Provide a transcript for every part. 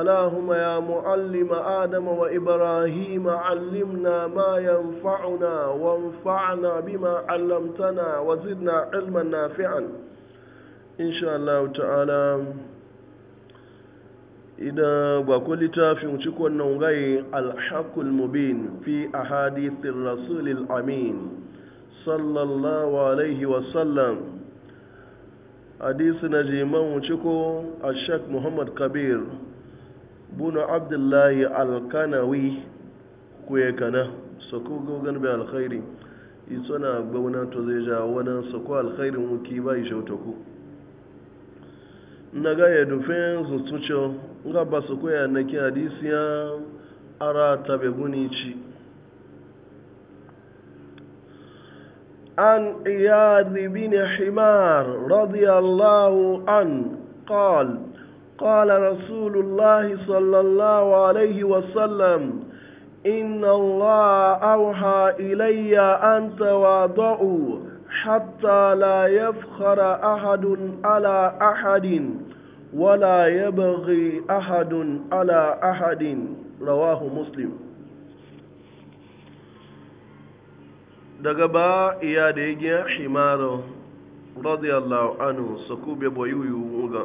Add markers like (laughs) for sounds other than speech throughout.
اللهم يا معلم آدم وإبراهيم علمنا ما ينفعنا وانفعنا بما علمتنا وزدنا علما نافعا إن شاء الله تعالى إذا بقولت في مشكون نغي الحق المبين في أحاديث الرسول الأمين صلى الله عليه وسلم حديث نجيما مشكو الشيخ محمد كبير buna abdullahi alkanawi kuye kana su ku gogon bai alkhairi iso na gbauna zai ja wani su ku alkhairi muki ba ishe ta ku na ga ya dufin su tuce ga su koya na ki hadisi ara ta ci an iyad bin himar radiyallahu an قال قال رسول الله صلى الله عليه وسلم إن الله أوحى إلي أن تواضعوا حتى لا يفخر أحد على أحد ولا يبغي أحد على أحد رواه مسلم daga ba iya da ya gina himarar radiyallahu anhu su kube boyuyu ga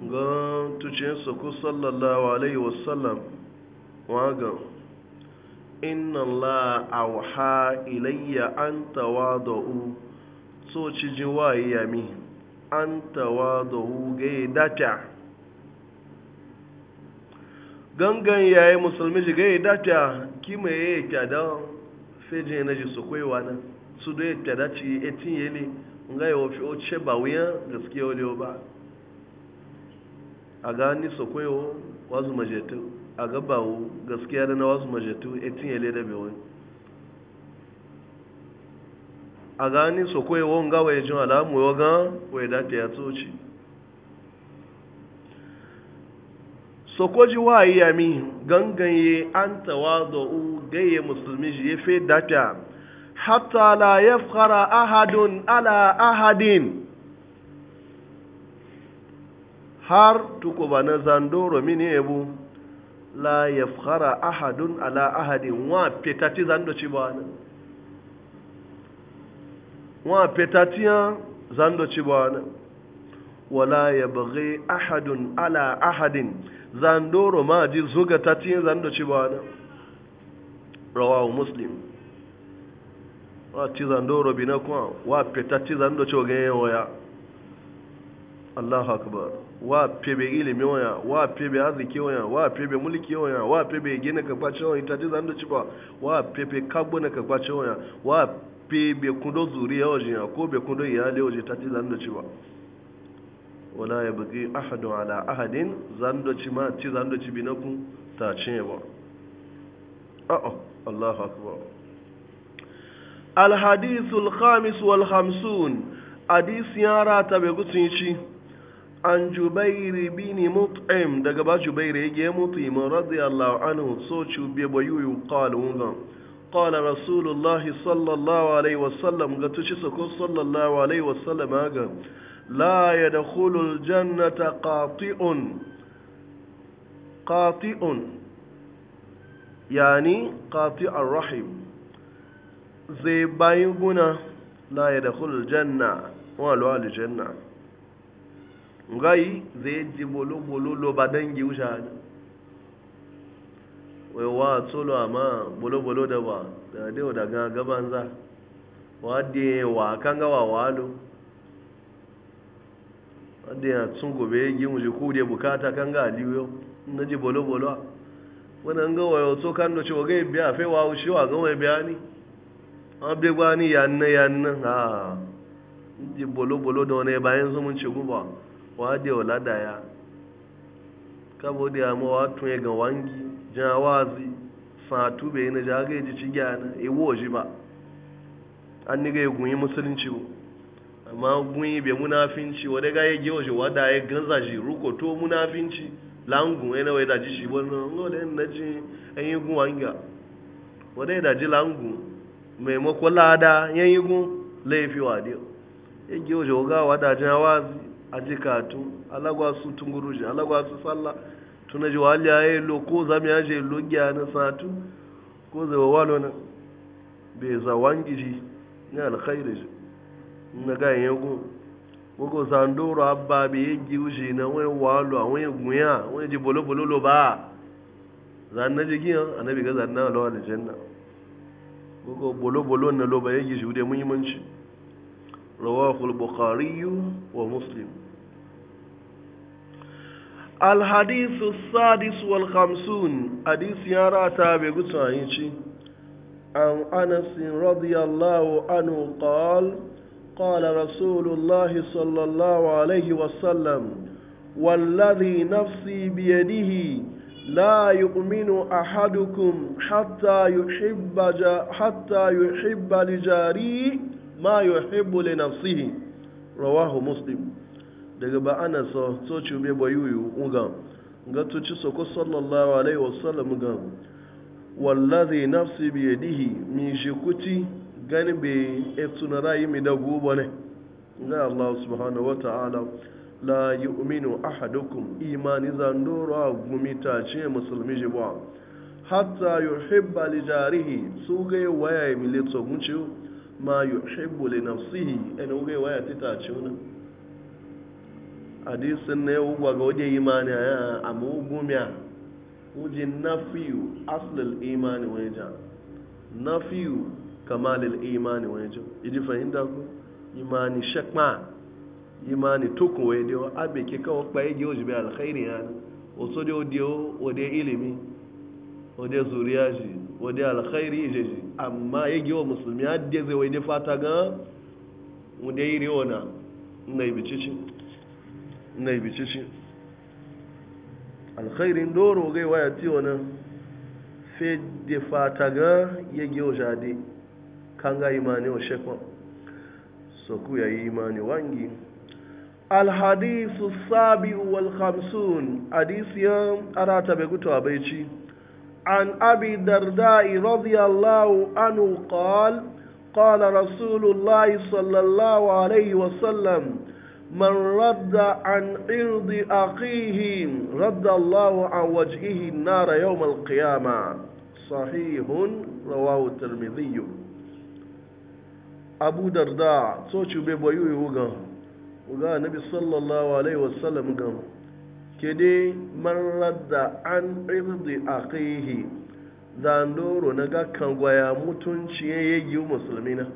ga tucin soko sallallahu alaihi wasallam waga inna la ha ilayya an tawadu so ci ji waye yami an tawadu ga data gangan yayi musulmi ji ga data ki me yake kada feje na ji soko na su do yake kada ci etin yele ngai ofi o ba wiya gaskiya wale ba a gani su kwayo wasu majetu a gabawo gaskiya da na wasu majetu etin yale da bewon a ga su kwayo won gawa ya jin alamu ya ga wai da ta yato sokoji wa yi yami ganganye an tawazo'u gaye musulmi shi ya fi dafiya hatta la ya fara ahadun ala ahadin har tukuba na zandoro mini ebu la yafkhara ahadun ala ahadin wa petati zando ci wa petati zando ci bana wala yabghi ahadun ala ahadin zandoro ma ji zuga tati zando ci bana rawahu muslim wa ti zandoro bina kwa wa petati zando ci ogeyo ya Allahu akbar wa pebe ilimi waya wa pebe arziki waya wa pebe mulki waya wa pebe gina ka kwace waya ta ji zanda cipa wa pebe kagbo na ka kwace waya wa pebe kundo ya waje ya ko be kundo iyali waje ta ji zanda cipa wala ya bugi ahadu ala ahadin zanda ci ma ci zanda ci bi naku ku ta ce ba a'a Allahu akbar al hadithul khamis wal khamsun hadith yara ta be gutsin ci an jubairi bini mut'im daga ba jubairi yake ya mutu iman radiyallahu anhu so cube ba yi yi kalun gan kala rasulullah sallallahu alaihi wasallam ga tuci sako sallallahu alaihi wasallam ga la ya da hulul jannata qati'un qati'un yani qati'ar rahim zai bayin guna la ya da hulul janna wa aljanna ngai zai ji ah, bolo-bolo lo ba dangi wuce hannu wewa tsolo amma bolo-bolo da ba da dewa daga gaban za wadda wa kan gawa walo wadda ya tun gobe yi wuce ku de bukata kan ga aliyu na ji bolo a? wani an gawa yau tso kan doce waga biya fai wa shi wa gawa biya ni an bai gwani yanna yanna ha ji bolo-bolo da wani bayan zumunci guba wade wala daya kabo da ma wa tun ga wangi san sa tube na jage ji ci gyana e woji ba an ni ga gunyi musulunci bu amma gunyi be munafinci wada ga yage woji wada ya ganza ji ruko to munafinci langu ene wai da ji shi wannan ngole na ji an yi gun wanga wada da ji langu maimako lada yan yi gun laifi wadiyo yage woji ga wada jawazi aji katu alagwa su tunguruji alagwa su sallah tuna ji wali aye lo ko zami aje lo gya na satu ko zai wawalo na bai za wangi ji ni alkhairi ji na ga yin go gogo sandoro abba bi yegi uji na wani walo a wani gunya wani ji bolo bolo lo ba zan na ji giyan annabi ga zan na lawa da janna gogo bolo bolo na lo ba yegi shi da muhimmanci rawahu al-bukhari wa muslim الحديث السادس والخمسون حديث يرى تابع قصائنشي عن أنس رضي الله عنه قال قال رسول الله صلى الله عليه وسلم والذي نفسي بيده لا يؤمن أحدكم حتى يحب حتى يحب لجاري ما يحب لنفسه رواه مسلم daga ba ana so so me ba yuyu uga ga so ko sallallahu alaihi wasallam ga wallazi nafsi bi yadihi mi shikuti gani be etuna rayi mi da gubo ne ga Allah subhanahu wa ta'ala la yu'minu ahadukum imani za a gumita ce musulmi je ba hatta yuhibba li jarihi su ga waya mi le tsogunci ma yuhibbu li nafsihi en waya tita ce wannan hadisin na yau gwaga waje imani a amma gumiya wuji na fiyu asalin imani wani jan na fiyu kamalil imani wani jan idi fahimta ku imani shakma imani tukun wai diyo abe ke kawo kpaye gi ojibe alkhairi ya ne wato da odiyo ode ilimi ode zuriya shi ode alkhairi ije shi amma ya gi o musulmi ya zai wai fata ga ode iri ona na ibici ناي بيتشي الخير دور وغي وياتي وانا في دفاتاغا يجي وجادي كان غا ايماني وشكوا سوكو يا ايماني وانجي الحديث السابع والخمسون حديث يوم اراتا بيكوتو ابيتشي عن ابي الدرداء رضي الله عنه قال قال رسول الله صلى الله عليه وسلم من رد عن عرض أخيه رد الله عن وجهه النار يوم القيامة صحيح رواه الترمذي أبو درداء توشو بيبويوي وغا وغا النبي صلى الله عليه وسلم غا كده من رد عن عرض أخيه ذا نورو نغا كان غايا متنشي مسلمين مسلمين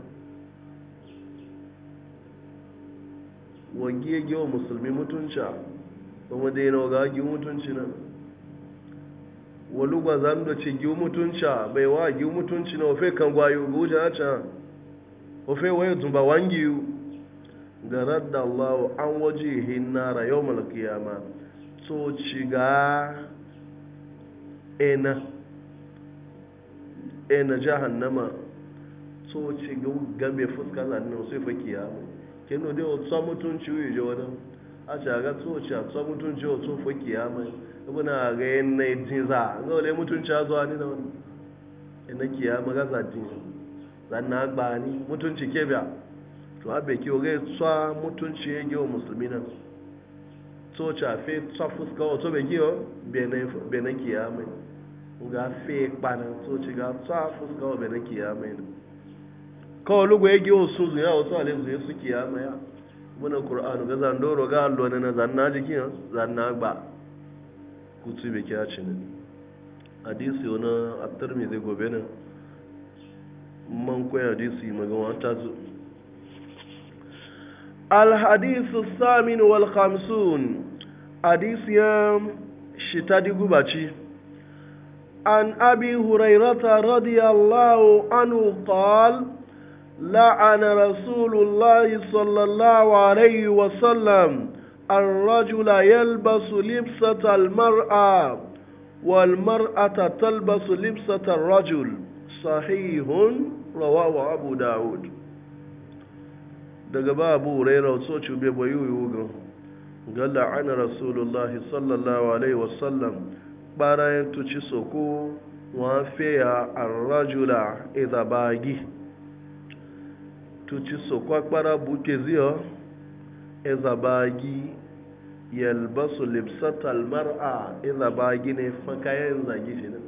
wagi ya musulmi mutunca kuma daina na waga mutunci na wani gwa zan da ci gi mutunca bai wa gi mutunci na ofe kan gwayo ga wuce a can ofe waye zumba wangi yu da radda Allah an waje hinnara yau malakiyama to ci ga ena ena jahannama to ci ga gabe fuska zanen sai fa kendo dai wasu mutunci wuyi je wani a ce a ga tsoci a tsohon mutunci wa tsofa kiyama ibina ga yin na yi za ga wale mutunci a zuwa ni da wani ina kiyama ga zadin zan na gba ni mutunci ke biya to abe kiwo ga tsohon mutunci ya giwa musulmi nan tsoci a fe tsohon fuska wa tsobe giwa bene kiyama ga fe kpanin tsoci ga tsohon fuska o bene kiyama ne kawai lugu ya giyo su zuya wasu alim zuya suke ya maya muna ƙur'anu ga zandoro ga allo na zanna jikin zanna ba kutu bai kya ci ne hadisi wani attar mai zai gobe ne man koya hadisi magawa ta zo alhadisu samin wal khamsun ya shi ta digu baci. an abi hurairata radiyallahu anu qala لعن رسول الله صلى الله عليه وسلم الرجل يلبس لبسة المرأة والمرأة تلبس لبسة الرجل صحيح رواه أبو داود daga ba abu raira so cube ba yi wuga ga la'ana rasulullahi sallallahu alaihi wasallam barayin tuci soko wa fiya arrajula idabagi tuci sokwa kpara buke ziyo ezabagi yalbasu libsatal mar'a ezabagi ne fakayen zagi shi nan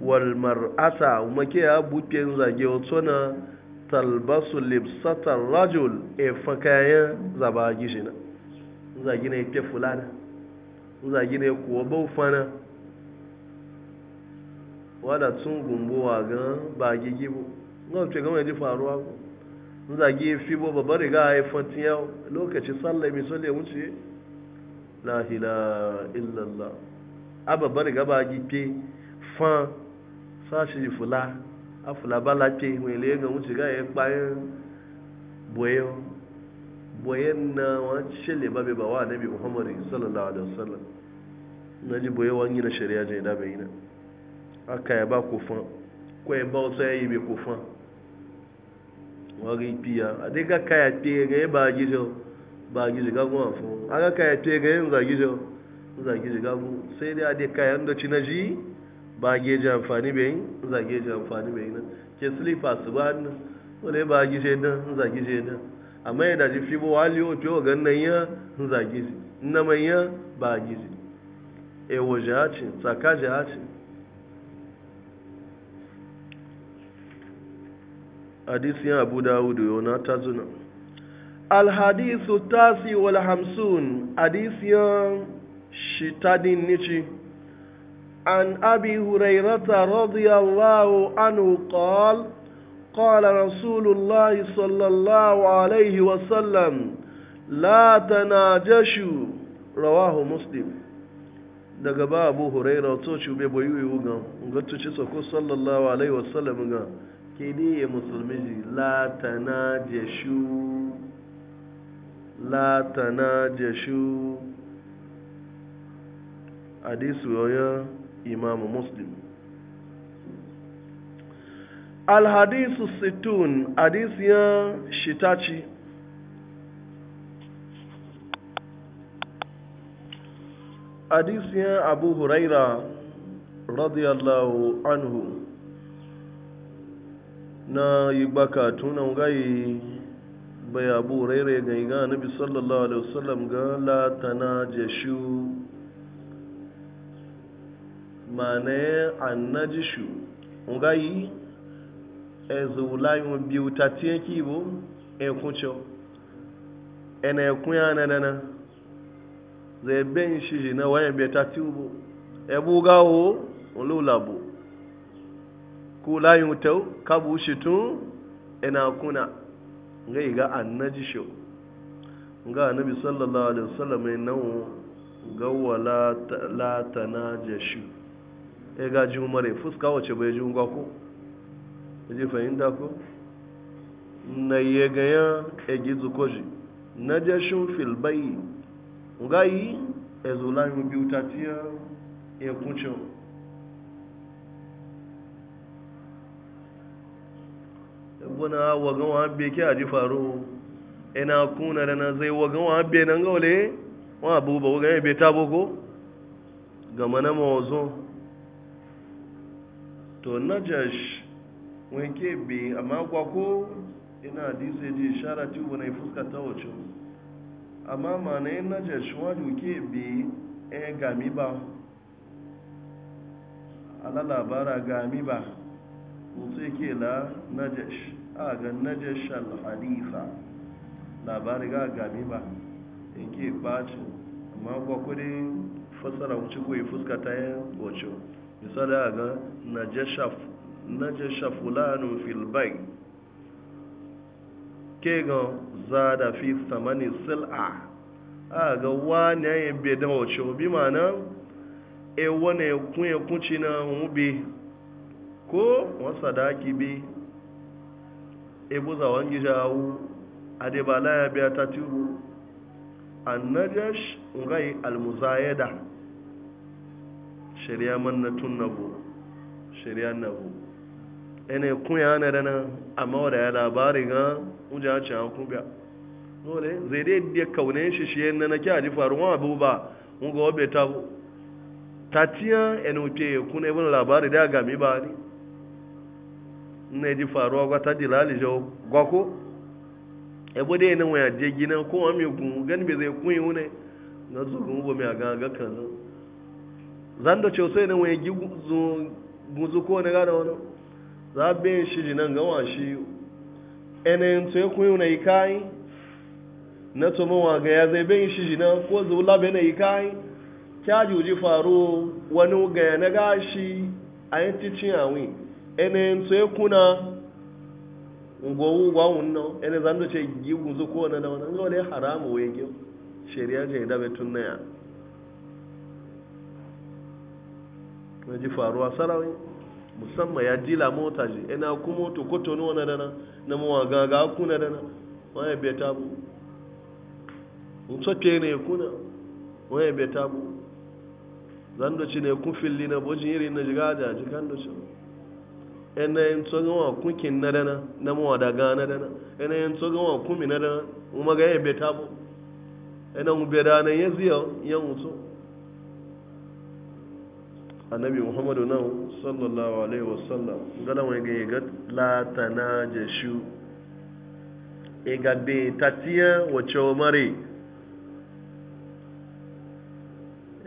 wal mar'ata make ya buke zage wato na talbasu libsatal rajul e fakayen zabagi shi nan zagi ne ke fulana zagi ne kuwa baufana wadda tun gan ga bagi gibo ga ce gama ji faruwa ko in zagi fi bo babbar riga ya haifar tiya lokaci sallah mai sallah wuce la ila illallah a babbar riga ba gife fan sashi fula a fula ba lafiya mai laye ga wuce ga ya bayan boyen boyen na wani shele babe ba wa nabi muhammadu sallallahu alaihi wasallam na ji boye wani na shari'a jai da bai yi na aka ya ba kofan ko ya ba wata ya yi bai kofan wari piya a dai ga kaya te ga ba gijo ba gijo ga gwa fo a ka kaya te ga yin za gijo za gijo ka gu sai dai a dai kaya da ci na ji ba geje amfani bai za geje amfani bai na ke slipa su ba na wale ba gije na za gije na amma ya da ji fibo wali o to ga nan ya za gije na mai ya ba gije e wo a ce tsaka je a hadisi ya abu dawudu yana ta zuna alhadisu tasi wal hamsun hadisi ya shitadin nici an abi hurairata radiyallahu الله عنه قال رسول الله صلى الله عليه وسلم لا تناجشوا رواه مسلم daga ba abu huraira to ci bai bayu yi wuga ga tuci sako sallallahu alaihi wasallam ga Kini ya e musulmi ji latana jeshu hadisu yoyo imamu muslim alhadisu situn Shitachi, hadisu ya abu huraira radiyallahu anhu na yi baka tunan gai bai abu raire ga iga annabi sallallahu alaihi wasallam ga latana jashu mane annajishu ngai ezulai mu biu tatie kibo e kuncho ene kunya nanana zai ben shi na wayan bai tatiubo ebu gawo ululabu ko layin wutau ka bushe tun ina kuna ga iga annaji shi ga annabi sallallahu alaihi wasallam ya nawo ga wala la shi. e ga ji umare fuska wace bai ji ungwa ko e ji fahimta ko na ye ga ya e ji zukoji shi fil bayi layin ezulan biutatiya e, e kuncin buna wagan wa be ki aji faru ina kuna da na zai wagan wa na nan ga wale wa abu ba wagan be ta boko ga mana mawazo to najash wani ke bi amma kwa ko ina disa ji shara ti wani fuska ta wace amma ma na na najash wani ke bi e gami ba ala labara gami ba mutu ke la najash a ga al halifa labari ga gami ba yake bacin amma gwakwadin fasara wuce kuwa fuska ta yin wacce misali a ga najasha fulanin filbai ke ga za da fi samani sil'a a ga wani yayin bai da wacce bi mana e wani kun ya kunci na mube ko wasa da ake bi ebu zawon gijawu adebala ya biya ta tubu annajash ngai almuzayada shari'a mannatun nabu shari'a nabu ene kunya na dana amma wada ya labari ga uja a cikin biya, dole zai dai da kaune shi shi yana na kya ji faruwa abu ba mun ga wabe tatiya ene uke kuna ibn labari da gami ba ne E na ji faruwa gwata dilali jau gwako ebo dai na waya gina ko wa mai gani bai zai wune na zurgun bo mai aga ga kan zan da cewa sai na gi guzu ko na gada wani za be shi jinan e ga shi enen to ya yi na ikai na to mawa ga ya zai ben shi ko zula na kya juji faru wani ga na gashi a yi awin ene nso tsoye kuna ngo wa wunno ene zando ce gibu zu ko na da wannan ngole haramu we gyo shari'a je da betun na ya waje faruwa sarawai musamman ya dila mota ji. Ena kuma to koto no na dana na mawa ga ga kuna dana wani beta bu mun soke ne kuna wani beta bu zando ci ne kun filli na bojin irin na jiga da jikan do shi yanayin tsogon wa kunkin na dana na mawa daga na dana yanayin tsogon wa kumi na dana kuma ga yabe tabo yanayin beda na ya ziya ya mutu annabi muhammadu nan sallallahu alaihi wasallam gana wani ga yaga latana jashu ga be tatiya wace mare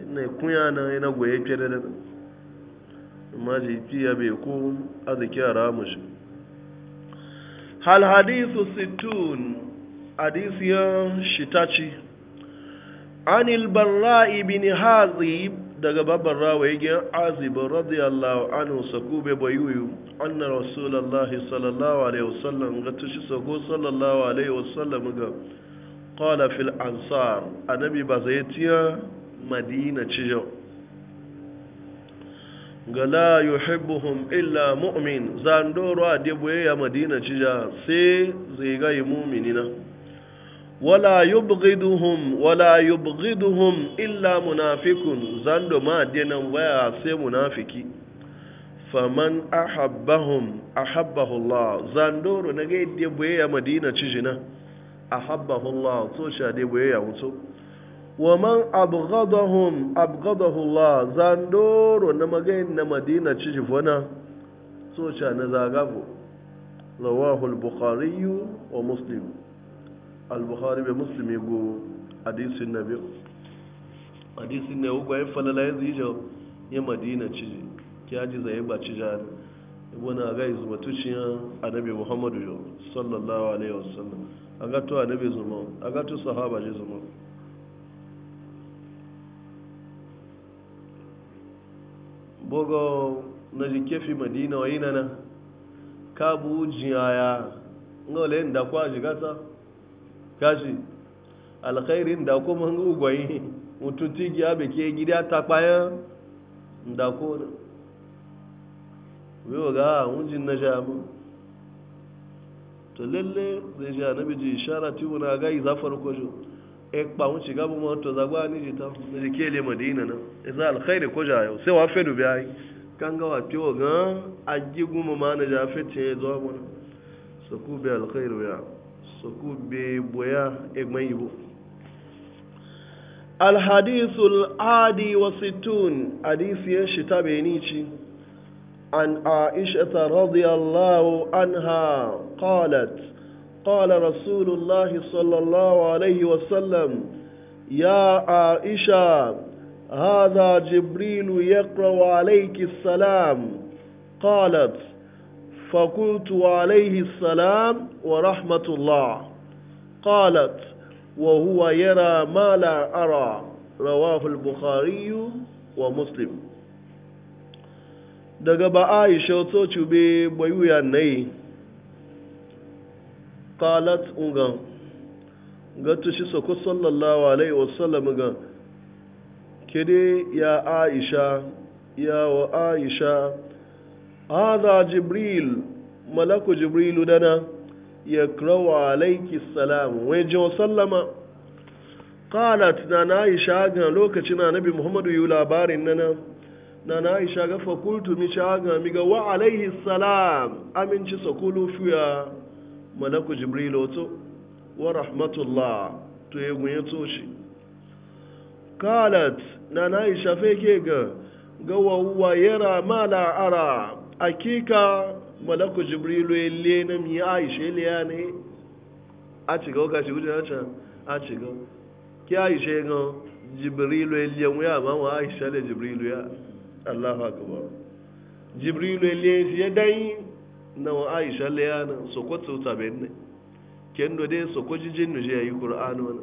ina kunya na ina goye fiye da dana maji fiya bai ku arziki a ramush hal hadisu situn hadisiyar shitaci anil barra'i bin hazib daga babban rawayen azibin radiyallahu anhu saku bai bayuyu anna rasulallahi sallallahu alaihi wasallam ga tushi sako sallallahu alaihi wasallam ga qala fil ansar annabi ba zai tiya madina cijo ga la yuhibbuhum illa mu'min zandoro a deboye ya madina cija sai zai yi muminina wala yubghiduhum wala yubghiduhum illa munafikun zando ma denan waya sai munafiki faman ahabbahum ahabbahu Allah zandoro na ga deboye ya madina cijina ahabbahu Allah to sha deboye ya mutu wa man abghadahum abghadahu Allah zandoro na magayin na Madina ciji fona so cha na zagabo rawahu al-bukhari wa muslim al-bukhari be muslimi go hadisin nabi hadisin ne ugo ayin falala yanzu jo ya Madina ciji kiyaji zai ba cija ibuna ga izu batuciyan annabi Muhammadu sallallahu alaihi wasallam aga to annabi zuma aga to sahaba je zuma bogo na jikefi madina wa yina na kabu jiyaya ngole nda kwa jigata kashi alkhairi nda ko mangu gwayi mutunti gi abe ke gida ta paya nda ko na wiwa ga unjin na jamu to lalle zai ji annabi ji ishara ti wuna ga izafar kojo e kpawun shiga bu ma to zagwa ni jita na jike le madina na isa alkhairi ko jayo sai wa fedu bi ai kan ga wa tiwo ga ajigu mu ma na ja fete zo mu so ku bi alkhairu ya so ku bi boya e mai الحديث العادي وستون حديث يشتا بينيشي عن عائشة رضي الله عنها قالت قال رسول الله صلى الله عليه وسلم يا عائشة هذا جبريل يقرأ عليك السلام قالت فقلت عليه السلام ورحمة الله قالت وهو يرى ما لا أرى رواه البخاري ومسلم daga عائشه aisha to cube qalat ungan gatu shi soko sallallahu alaihi wasallam ga kede ya aisha ya wa aisha hadha jibril malaku jibril dana yakrawu alayki salam wajen sallama qalat na aisha ga lokacin annabi muhammadu yu labarin nana na na aisha ga fakultu mi shaga mi wa alaihi salam aminci sakulu fiya malaku jibril otu. wa rahmatullah to ya gunye toshi kalat na na isha feke ga wa wawwa yara mala ara akika malaku jibril ya ile na mi aisha ile ya ne a ci ga okashi na acha a ci ga ki aisha ga jibril ya le wuya ma wa aisha le jibril ya allahu akbar jibril ile le ya dai na wa aisha layana sokoto tabenne kendo de sokoji jinnu je yi qur'an wana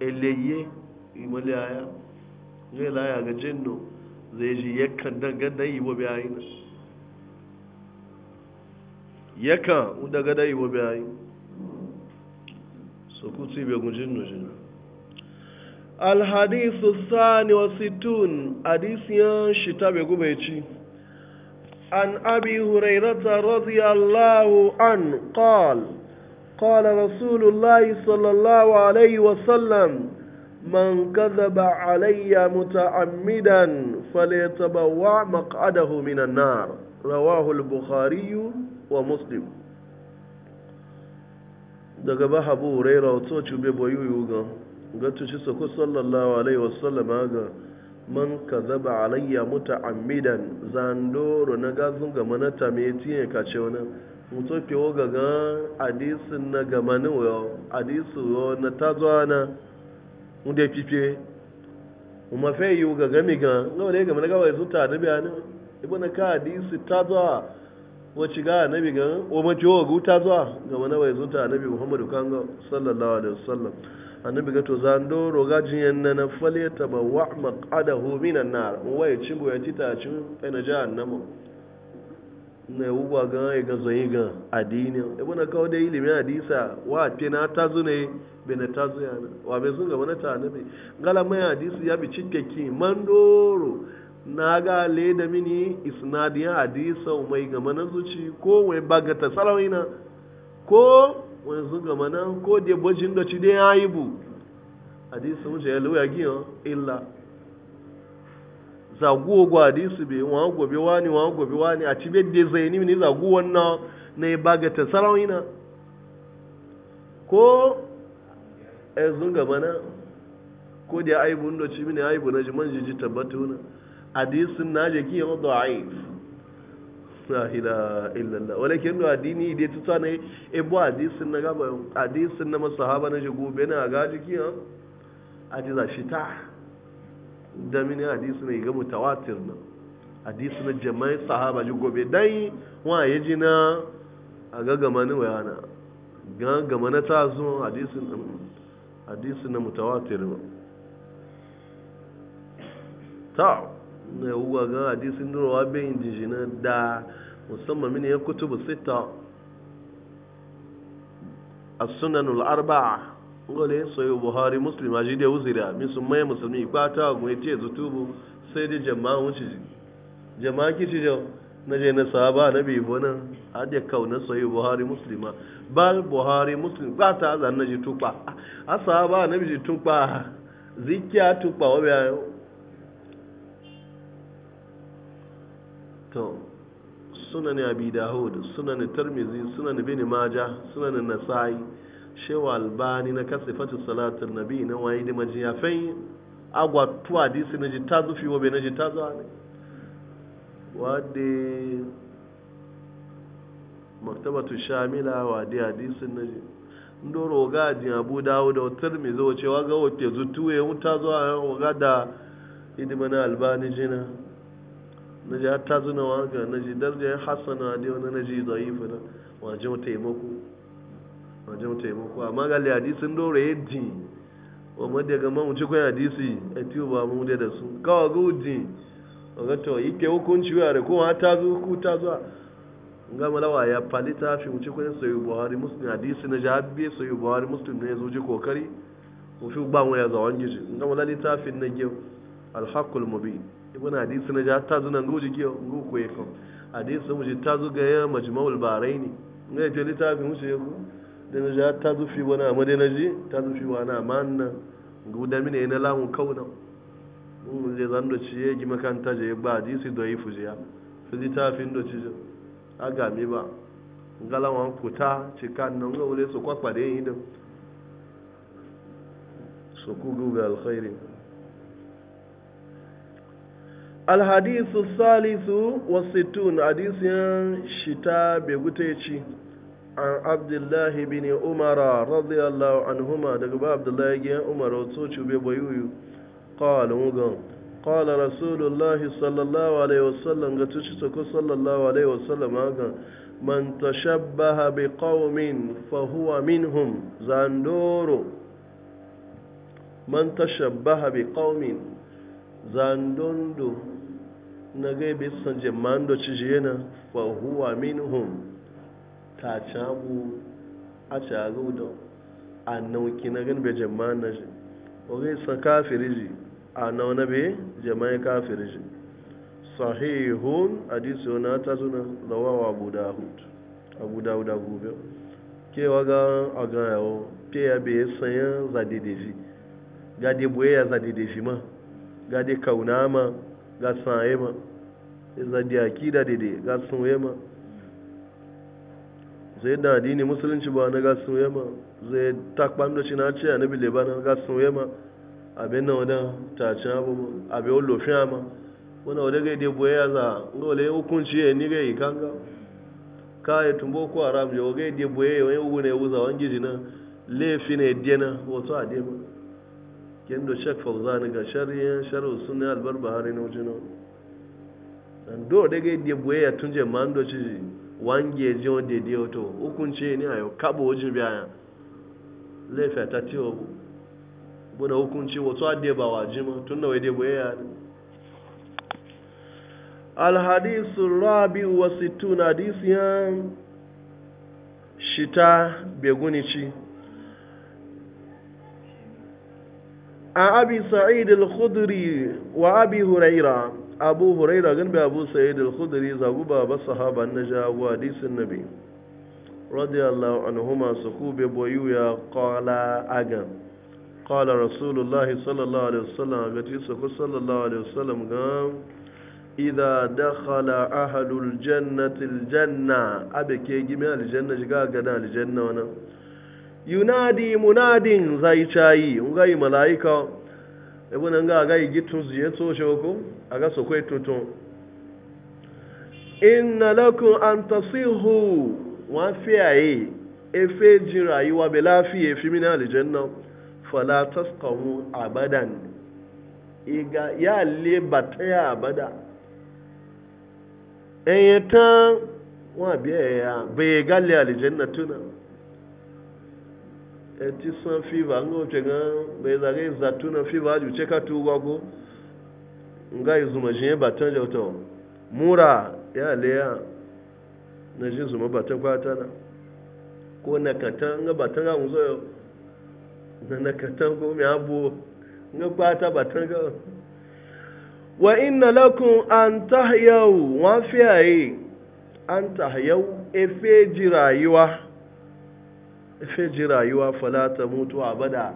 eleye imalaya ne laya ga jinnu zai ji yakan dan ganda yi wa bayina yakan daga da yi wa bayina sokoto be gunjin nu jinnu الحديث الثاني والستون حديث يان شتابه غميتشي عن أبي هريرة رضي الله عنه قال قال رسول الله صلى الله عليه وسلم من كذب علي متعمدا فليتبوع مقعده من النار رواه البخاري ومسلم daga ba habu raira wato cube boyu yuga ga tuci sako sallallahu alaihi wasallam ga man ka zaba alayya muta amidan zandoro na gazun gama na tameti ne ka ce wani mutu ke wo gaga adisu na gama ni wuyo adisu wo na zuwa na wunde pipe uma fe yi wo gaga mi gan ga wale gama na gawa yanzu ta da biya ne ibo na ka ta zuwa wace ga nabi gan o mace wo ta zuwa gama na wa yanzu ta nabi muhammadu kan sallallahu alaihi wasallam annabi ga to doro ga jinyan na na fale ta ba wa maqadahu minan nar wa ya cibo ya tita ci fa na jahannama ne uwa ga ya ga zai ga adini ibn kawo da ilimi hadisa wa te na tazu ne be na tazu ya na wa be zunga ga mana ta annabi gala mai hadisi ya bi man doro na ga le da mini isnadiyan hadisa mai ga mana zuci ko wai bagata salawina ko wanzu gama nan ko da bajin da ci dai yayi bu hadisi mu ya luya giyo illa zaguwa gwa hadisi be wa gobe wani wa gobe wani a ci be de zaini ni zagu wannan ne baga ta na? ko yanzu gama nan ko da aibu ndo ci mini aibu na ji ji tabbatu na hadisin na je giyo da'if la ilaha illallah wala kin do addini dai tuta ne e bo hadisin na gaba hadisin na masahaba na jigo be na ga jiki ha ajiza shita da min hadisin ne ga mutawatir na hadisin na jama'i sahaba jigo be dai wa yaji na a ga gama ni wayana ga gama na ta zo hadisin hadisin na mutawatir ta na yawuwa ga hadisin durowa bayin na da musamman mini ya kutubu sita a sunanul arba'a ngole soyo buhari muslim ji da wuzira min sun maye musulmi kwata gun ya ce zutubu sai dai jama'a wuce jama'a kici jau na je na sahaba na bi bona hade kauna soyo buhari muslima ba buhari muslim kwata zan na ji tukpa a sahaba na bi ji tukpa zikiya tukpa wa bayan to sunan abi dahud sunan tirmidhi sunan ibn majah sunan nasai shewa albani na kasifatu salatin nabi na wayi da majiyafai agwa tu hadisi na jita zufi wa na jita zuwa ne wadda tu shamila wa hadisi, na ji ndoro roga, jin abu dawo da tirmidhi wace wa ga wake zutuwe mutazo a ga da hidima na albani jina na ji ta zuna waga na ji ya hassana da wani na ji zai yi na wajen taimako wajen taimako amma ga hadisin dore ya ji wa madda ga mamu cikin hadisi a tiyo ba mu da su kawa ga uji ga to yi ke hukunci wa da kuma ta zo ku ta zo ga malawa ya falita fi mu cikin sayu buhari muslim hadisi na jabi sayu buhari muslim ne ya zo ji kokari mu fi ba mu ya zawon gishi ga malali fi na gew alhaqul mubin ibn hadisi na ja ta zuna ngoji jiki ngu ko ye hadisi mu ji ta zu ga ya majmu'ul baraini ngai ta litafin mu ce ko da na ja ta zu fi wani amma dai na ji ta zu fi wani amma nan ngu da mine na lamu kauna mu je zan do ci ye gi makanta je ba hadisi do yi ta fi litafin do ci aga mi ba ngalawan kuta kan nan ga wule su kwakwa da yin idan su ku guga alkhairi alhadisu salisu wasittun hadisiyan shita bai gute ci an abdullahi bin umara radiyallahu anhuma daga ba abdullahi gyan umara wato ci bai bayuyu qala mugan qala rasulullahi sallallahu alaihi wasallam ga tuci sallallahu alaihi wasallam ga man tashabbaha bi qaumin fa huwa minhum zandoro man tashabbaha na gaibe san jaman da ci je na fa huwa minhum ta cagu a cagu da a nauki na gan bai jaman na shi o gai san kafiri ji a nau be bai jaman kafiri ji sahihun hadisi wani ta suna rawawa abu dawud abu dawud abu biyu kewa ga agayawo ke ya bai sanya zade shi gade boye ya zade shi ma gade kauna ma ga san ma za da akida dede ga sun yema zai da addini ba na ga sun yema zai takpan da shi na ce annabi lebanon ga sun yema abin wadan abubu abin olo ama wani wadda ya za ngole hukunci ya ni kanga ka ya tumbo ko haram ya gai dai boye ya wani ugu na wato a kendo shek fauzani ga shari'in shari'u sunni albar bahari na wajen nan do daga yadda buye ya tunje mando ci wange ji wanda ya wato hukunce ne a yau kabo wajen biya laifi ta ce wa buna hukunci wato adde ba wa jima tun da wai buye ya ne الحديث الرابع والستون حديث شتاء بيغونيشي an abi sa'id al-khudri wa abi huraira abu huraira gan bi abu sa'id al-khudri zagu baba sahaba na jawo hadisin nabi radiyallahu anhuma su kube boyu ya qala aga qala rasulullah sallallahu alaihi wasallam ga ti su sallallahu alaihi wasallam ga idza dakhala ahlul jannati al-janna abake gimi al-janna shiga ga da al-janna wannan yunadi munadin zai cayi ngai malaika ebo nan ga ga igitun zuye to shoko aga sokwe tutun inna lakum an tasihu wa fi e, efe jin rayuwa be lafiye fi min aljanna fala tasqamu abadan iga ya le bataya abada eyetan wa biya ya be galle aljanna tuna ti san fiva nga o cɛga bɛ zaga yi tuna fiva ju cɛ ka tuwa nga yi zuma jiɲɛ ba tan mura ya leya na ji zuma ba tan kwata na ko na ka nga ba tan ka muso na na ka tan ko mi abu nga kwata ba tan ka wa inna lakum an tahyau wa fiyayi an tahyau efe jirayiwa feji rayuwa falata mutu abada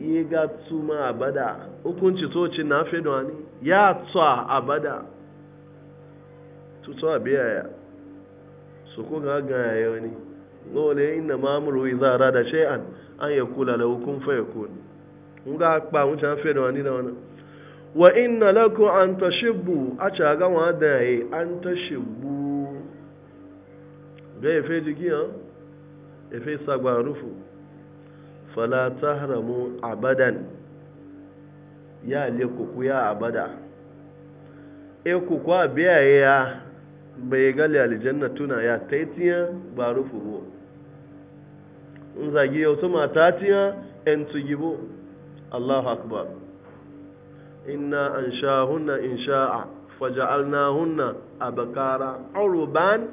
yi ga tuma abada hukunci toci na fe ni ya tsa abada tutsa biya ya su ko ga gaya wani lole inna mamuru zara da shay'an an ya yakula lahu kun fayakun nga pa mun chan fe da wani da wani wa inna lakum an tashibbu a ca ga wa da an tashibbu ga fe jigi ha efe sagba rufu fala tahramu abadan ya le kuku ya abada e kuku a biya ya bai gali aljanna tuna ya taitiya ba rufu ruwa in zagi yau mata tiya yan tugibo allahu akbar inna an sha hunna in sha'a faja'alna hunna abakara uruban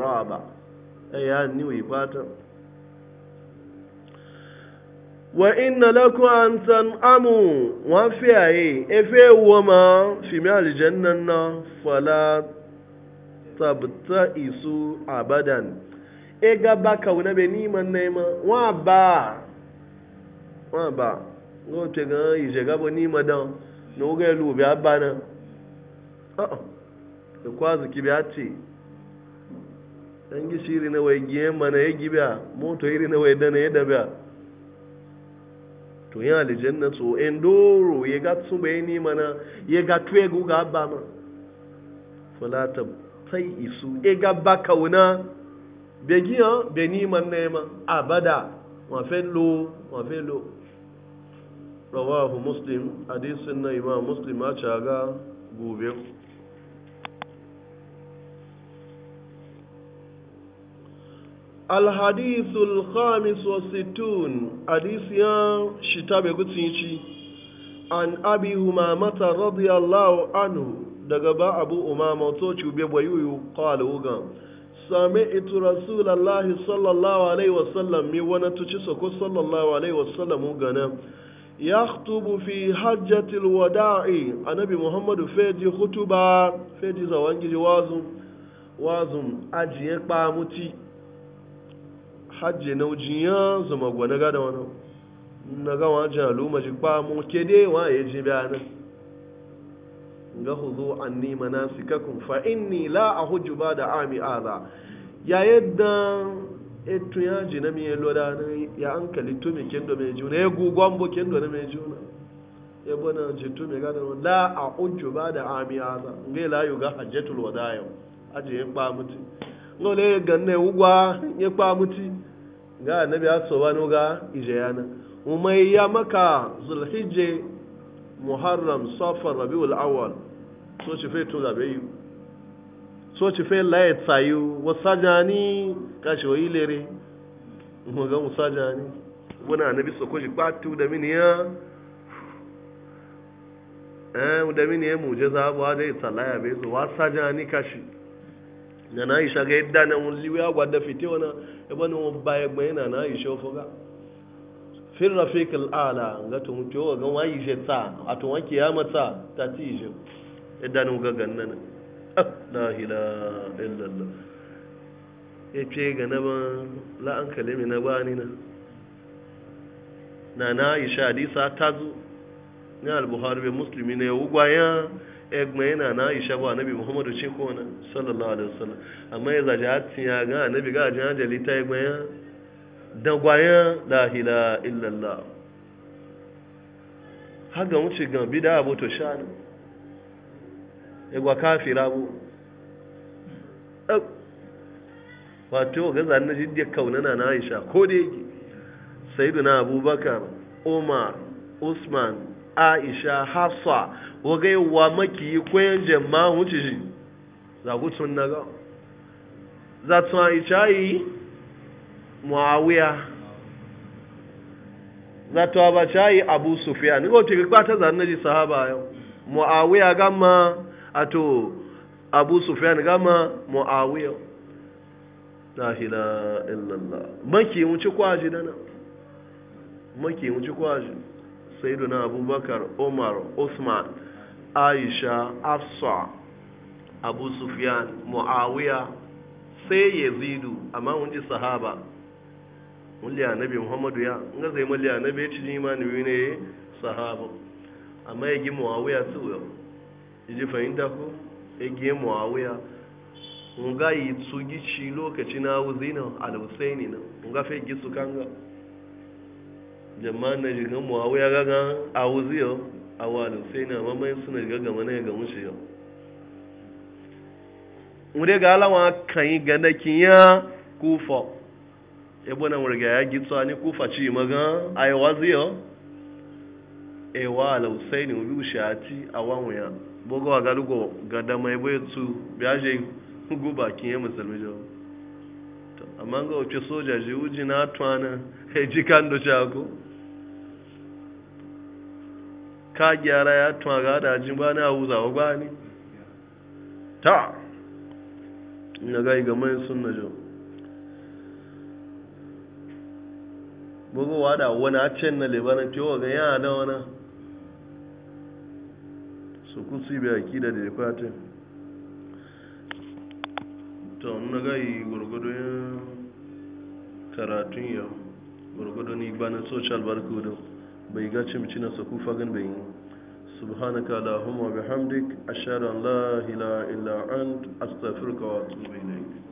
ba. ya ni wai fata wa inna lakum an tan'amu wa fiye efe woma fi mi aljannan na fala tabta isu abadan e ga ba wona be niman ma wa ba wa ba ngo te ga ije ga bo ma dan no ga lu bi abana ah ko e kwazu ki bi ati dan gishi iri na wai giye mana ya gibiya moto iri na wai dana ya dabiya to yin alijanna so en doro ya ga su bai ni mana ya ga tuye guga abba ma falata sai isu ya ga ba kauna bai giya bai ni man na ma abada wa fello wa fello rawahu muslim hadisin na imam muslim a caga gobe alhadithul khamis wa sittun hadisi ya shita bai gutsinci an abi humamata radiyallahu anhu daga ba abu umama to cube bayuyu qala uga sami'tu sallallahu alaihi wasallam mi wani tuci sako sallallahu alaihi wasallam ugana yakhtubu fi hajjatil wada'i annabi muhammadu feji hutuba feji zawangiji wazum ajiye kpamuti hajji na ujiya zuma gwana gada wani na ga wajen al'umma ji ba mu ke wa ya ji biya nan ga hudu an nima na sikakun fa inni la a hujju ba da ami aza ya yadda etu ya ji na miye loda na ya an kali tumi kendo mai juna ya gugon bu kendo na mai juna ya bana ji mai gada wani la a hujju ba da ami aza ngai layu ga hajjatul wada yau aji ya kpa mutu ngole ganne ugwa ya kpa mutu ga annabi ya tsoba no ga ijeyana umayya maka zulhijje muharram safar rabiul awwal so ci fetu da bayu so ci fe laye tsayu wasajani kashi wa lere mu ga musajani wani annabi so ko shi kwatu da miniya ya eh da mu je za ba dai tsalaya bai zo wasajani kashi nana na aisha ga yadda na wani liwe agwa da fite wani ebe na wani baya gbaye na na aisha foga fin rafik al'ala ga to mutu yau ga wọn ishe ta a to wọn kiyama ta ta ti ise yadda na wọn ganna na ah, la ila illallah ya ce ga na ban la'an kalimi na ba na na na aisha hadisa ta zo ni al-buhari bai musulmi ne ya wugwa ya egma yana na aisha ba annabi muhammadu ce ko na sallallahu alaihi wasallam amma ya zaje hatin ya ga anabi, ga ajiyar ajali ta egma ya dagwayan lahila la ilaha illallah haga wuce gan bida abu to shanu egwa kafira bu wato ga na jiddiyar kaunana na aisha ko da yake na abubakar umar usman aisha hafsa wagai wa maki koyan jemma wuce shi za ku tun ga? za tun a icayi muawiya za tun a ba cayi abu sufiya ni ko tiri ta za na ji sahaba yau muawiya gama a to abu sufiya gama muawiya la ila illallah maki wuce kwaji dana maki wuce kwaji na abubakar umar usman aisha afsa abu sufyan muawiya sai yazidu amma mun sahaba mun liya muhammadu ya nga zai mun liya nabi ci ni ma ne sahaba amma yagi muawiya su iji ji fahimta ya yagi muawiya mun ga yi tsugi ci lokaci na wuzina al-husaini na nga ga fe gisu kanga na muawiya awalu sai na mamayin suna ga mana na ga mushe yau wuri ga alama kan yi ga ya kufa ebo na wurga ya gitsa ni kufa ci maga aiwa yau ewa alausai ne ati a wanwuya bogo a galugo ga dama ebo ya tu biya je (laughs) guba kin ya musulmi jau amma ga wace soja ji uji na tuwana na (laughs) e ji kan do ka gyara ya tuma ga dajin ba na wuza wa ba ne ta ina ga gama yin sunna jo bugowa da wani a can na lebanon wa ganyan yana da wani su kusi bai aki da da fatin ta wani ga yi gwargwado karatun yau gwargwado ni ba na social barcode bai ga cimci na saku kufa bai yi subhanaka allahumma bihamdik ashhadu an la ilaha illa ant astaghfiruka wa atubu ilayk